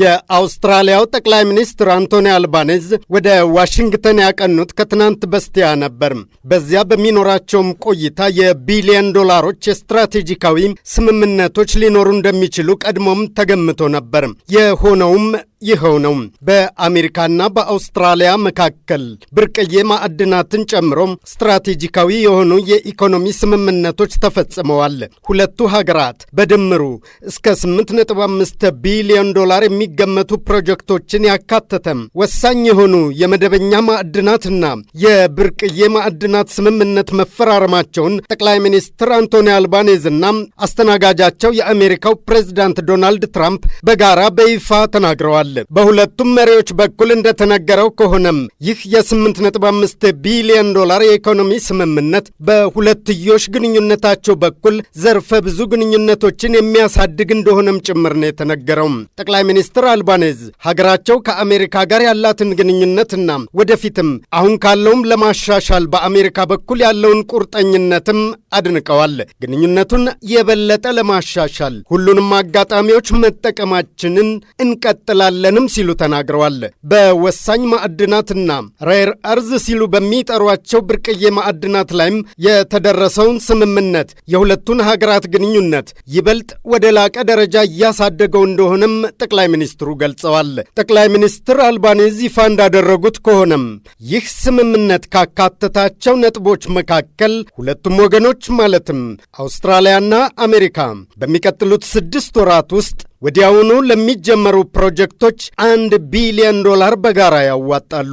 የአውስትራሊያው ጠቅላይ ሚኒስትር አንቶኒ አልባኔዝ ወደ ዋሽንግተን ያቀኑት ከትናንት በስቲያ ነበር። በዚያ በሚኖራቸውም ቆይታ የቢሊዮን ዶላሮች የስትራቴጂካዊ ስምምነቶች ሊኖሩ እንደሚችሉ ቀድሞም ተገምቶ ነበር። የሆነውም ይኸው ነው። በአሜሪካና በአውስትራሊያ መካከል ብርቅዬ ማዕድናትን ጨምሮ ስትራቴጂካዊ የሆኑ የኢኮኖሚ ስምምነቶች ተፈጽመዋል። ሁለቱ ሀገራት በድምሩ እስከ 8.5 ቢሊዮን ዶላር የሚገመቱ ፕሮጀክቶችን ያካተተም ወሳኝ የሆኑ የመደበኛ ማዕድናትና የብርቅዬ ማዕድናት ስምምነት መፈራረማቸውን ጠቅላይ ሚኒስትር አንቶኒ አልባኔዝና አስተናጋጃቸው የአሜሪካው ፕሬዚዳንት ዶናልድ ትራምፕ በጋራ በይፋ ተናግረዋል። በሁለቱም መሪዎች በኩል እንደተነገረው ከሆነም ይህ የ8.5 ቢሊዮን ዶላር የኢኮኖሚ ስምምነት በሁለትዮሽ ግንኙነታቸው በኩል ዘርፈ ብዙ ግንኙነቶችን የሚያሳድግ እንደሆነም ጭምር ነው የተነገረው። ጠቅላይ ሚኒስትር አልባኔዝ ሀገራቸው ከአሜሪካ ጋር ያላትን ግንኙነትና ወደፊትም አሁን ካለውም ለማሻሻል በአሜሪካ በኩል ያለውን ቁርጠኝነትም አድንቀዋል። ግንኙነቱን የበለጠ ለማሻሻል ሁሉንም አጋጣሚዎች መጠቀማችንን እንቀጥላለን የለንም ሲሉ ተናግረዋል። በወሳኝ ማዕድናትና ሬር እርዝ ሲሉ በሚጠሯቸው ብርቅዬ ማዕድናት ላይም የተደረሰውን ስምምነት የሁለቱን ሀገራት ግንኙነት ይበልጥ ወደ ላቀ ደረጃ እያሳደገው እንደሆነም ጠቅላይ ሚኒስትሩ ገልጸዋል። ጠቅላይ ሚኒስትር አልባኔዝ ይፋ እንዳደረጉት ከሆነም ይህ ስምምነት ካካተታቸው ነጥቦች መካከል ሁለቱም ወገኖች ማለትም አውስትራሊያና አሜሪካ በሚቀጥሉት ስድስት ወራት ውስጥ ወዲያውኑ ለሚጀመሩ ፕሮጀክቶች አንድ ቢሊዮን ዶላር በጋራ ያዋጣሉ።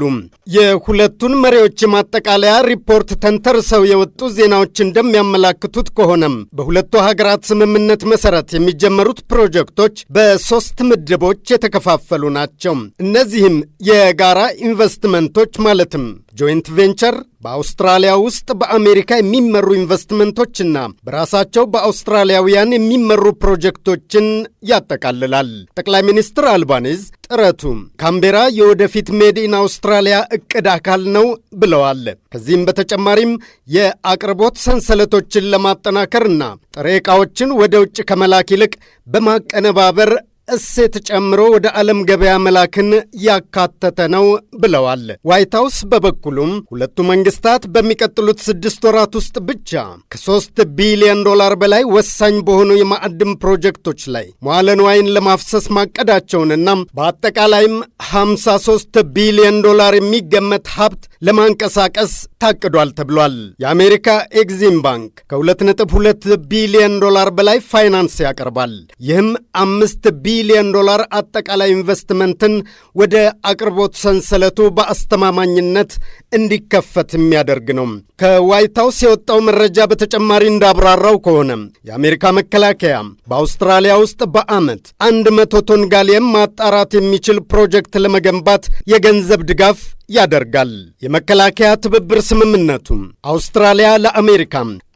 የሁለቱን መሪዎች ማጠቃለያ ሪፖርት ተንተርሰው የወጡ ዜናዎች እንደሚያመላክቱት ከሆነም በሁለቱ ሀገራት ስምምነት መሰረት የሚጀመሩት ፕሮጀክቶች በሶስት ምድቦች የተከፋፈሉ ናቸው። እነዚህም የጋራ ኢንቨስትመንቶች ማለትም ጆይንት ቬንቸር በአውስትራሊያ ውስጥ በአሜሪካ የሚመሩ ኢንቨስትመንቶችና በራሳቸው በአውስትራሊያውያን የሚመሩ ፕሮጀክቶችን ያጠቃልላል። ጠቅላይ ሚኒስትር አልባኒዝ ጥረቱ ካምቤራ የወደፊት ሜድ ኢን አውስትራሊያ እቅድ አካል ነው ብለዋል። ከዚህም በተጨማሪም የአቅርቦት ሰንሰለቶችን ለማጠናከርና ጥሬ ዕቃዎችን ወደ ውጭ ከመላክ ይልቅ በማቀነባበር እሴት ጨምሮ ወደ ዓለም ገበያ መላክን ያካተተ ነው ብለዋል። ዋይት ሀውስ በበኩሉም ሁለቱ መንግስታት በሚቀጥሉት ስድስት ወራት ውስጥ ብቻ ከሶስት ቢሊዮን ዶላር በላይ ወሳኝ በሆኑ የማዕድን ፕሮጀክቶች ላይ መዋለ ንዋይን ለማፍሰስ ማቀዳቸውንና በአጠቃላይም 53 ቢሊዮን ዶላር የሚገመት ሀብት ለማንቀሳቀስ ታቅዷል ተብሏል። የአሜሪካ ኤግዚም ባንክ ከ2.2 ቢሊዮን ዶላር በላይ ፋይናንስ ያቀርባል። ይህም አምስት ቢሊዮን ዶላር አጠቃላይ ኢንቨስትመንትን ወደ አቅርቦት ሰንሰለቱ በአስተማማኝነት እንዲከፈት የሚያደርግ ነው። ከዋይት ሀውስ የወጣው መረጃ በተጨማሪ እንዳብራራው ከሆነ የአሜሪካ መከላከያ በአውስትራሊያ ውስጥ በዓመት አንድ መቶ ቶን ጋሊየም ማጣራት የሚችል ፕሮጀክት ለመገንባት የገንዘብ ድጋፍ ያደርጋል። የመከላከያ ትብብር ስምምነቱ አውስትራሊያ ለአሜሪካ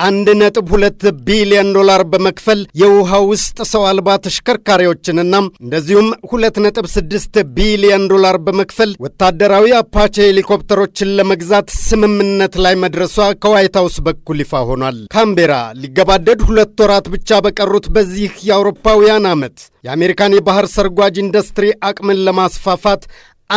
1.2 ቢሊዮን ዶላር በመክፈል የውሃ ውስጥ ሰው አልባ ተሽከርካሪዎችንና እንደዚሁም 2.6 ቢሊዮን ዶላር በመክፈል ወታደራዊ አፓቼ ሄሊኮፕተሮችን ለመግዛት ስምምነት ላይ መድረሷ ከዋይት ሀውስ በኩል ይፋ ሆኗል። ካምቤራ ሊገባደድ ሁለት ወራት ብቻ በቀሩት በዚህ የአውሮፓውያን ዓመት የአሜሪካን የባህር ሰርጓጅ ኢንዱስትሪ አቅምን ለማስፋፋት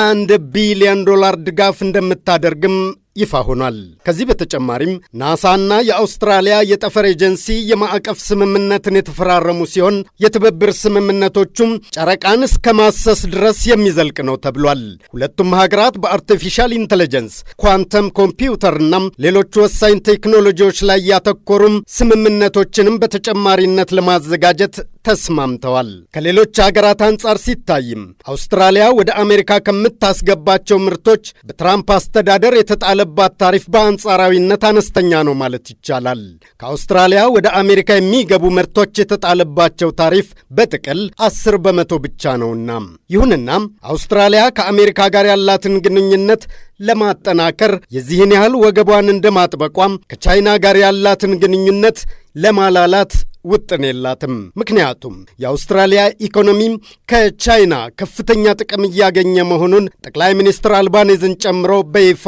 አንድ ቢሊዮን ዶላር ድጋፍ እንደምታደርግም ይፋ ሆኗል። ከዚህ በተጨማሪም ናሳና የአውስትራሊያ የጠፈር ኤጀንሲ የማዕቀፍ ስምምነትን የተፈራረሙ ሲሆን የትብብር ስምምነቶቹም ጨረቃን እስከ ማሰስ ድረስ የሚዘልቅ ነው ተብሏል። ሁለቱም ሀገራት በአርቲፊሻል ኢንቴሊጀንስ፣ ኳንተም ኮምፒውተርና ሌሎች ወሳኝ ቴክኖሎጂዎች ላይ ያተኮሩም ስምምነቶችንም በተጨማሪነት ለማዘጋጀት ተስማምተዋል። ከሌሎች ሀገራት አንጻር ሲታይም አውስትራሊያ ወደ አሜሪካ ከምታስገባቸው ምርቶች በትራምፕ አስተዳደር የተጣለ የተጣለባት ታሪፍ በአንጻራዊነት አነስተኛ ነው ማለት ይቻላል። ከአውስትራሊያ ወደ አሜሪካ የሚገቡ ምርቶች የተጣለባቸው ታሪፍ በጥቅል አስር በመቶ ብቻ ነውና። ይሁንና አውስትራሊያ ከአሜሪካ ጋር ያላትን ግንኙነት ለማጠናከር የዚህን ያህል ወገቧን እንደማጥበቋም ከቻይና ጋር ያላትን ግንኙነት ለማላላት ውጥን የላትም። ምክንያቱም የአውስትራሊያ ኢኮኖሚም ከቻይና ከፍተኛ ጥቅም እያገኘ መሆኑን ጠቅላይ ሚኒስትር አልባኔዝን ጨምሮ በይፋ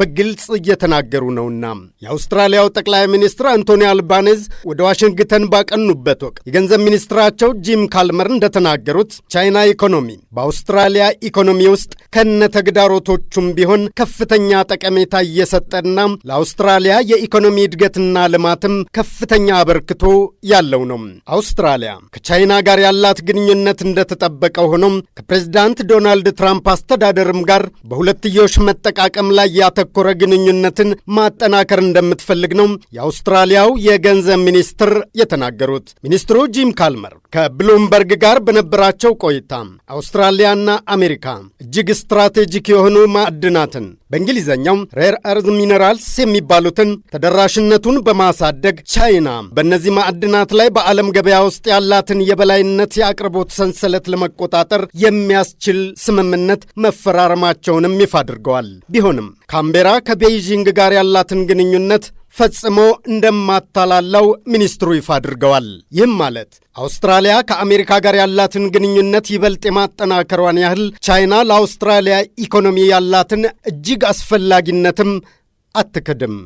በግልጽ እየተናገሩ ነውና። የአውስትራሊያው ጠቅላይ ሚኒስትር አንቶኒ አልባኔዝ ወደ ዋሽንግተን ባቀኑበት ወቅት የገንዘብ ሚኒስትራቸው ጂም ካልመር እንደተናገሩት ቻይና ኢኮኖሚ በአውስትራሊያ ኢኮኖሚ ውስጥ ከነ ተግዳሮቶቹም ቢሆን ከፍተኛ ጠቀሜታ እየሰጠና ለአውስትራሊያ የኢኮኖሚ እድገትና ልማትም ከፍተኛ አበርክቶ ያለው ነው። አውስትራሊያ ከቻይና ጋር ያላት ግንኙነት እንደተጠበቀ ሆኖም ከፕሬዚዳንት ዶናልድ ትራምፕ አስተዳደርም ጋር በሁለትዮሽ መጠቃቀም ላይ ያተ ተኮረ ግንኙነትን ማጠናከር እንደምትፈልግ ነው የአውስትራሊያው የገንዘብ ሚኒስትር የተናገሩት። ሚኒስትሩ ጂም ካልመር ከብሉምበርግ ጋር በነበራቸው ቆይታ አውስትራሊያና አሜሪካ እጅግ ስትራቴጂክ የሆኑ ማዕድናትን በእንግሊዝኛው ሬር አርዝ ሚነራልስ የሚባሉትን ተደራሽነቱን በማሳደግ ቻይና በእነዚህ ማዕድናት ላይ በዓለም ገበያ ውስጥ ያላትን የበላይነት የአቅርቦት ሰንሰለት ለመቆጣጠር የሚያስችል ስምምነት መፈራረማቸውንም ይፋ አድርገዋል። ቢሆንም ካምቤራ ከቤይዥንግ ጋር ያላትን ግንኙነት ፈጽሞ እንደማታላለው ሚኒስትሩ ይፋ አድርገዋል። ይህም ማለት አውስትራሊያ ከአሜሪካ ጋር ያላትን ግንኙነት ይበልጥ የማጠናከሯን ያህል ቻይና ለአውስትራሊያ ኢኮኖሚ ያላትን እጅግ አስፈላጊነትም አትክድም።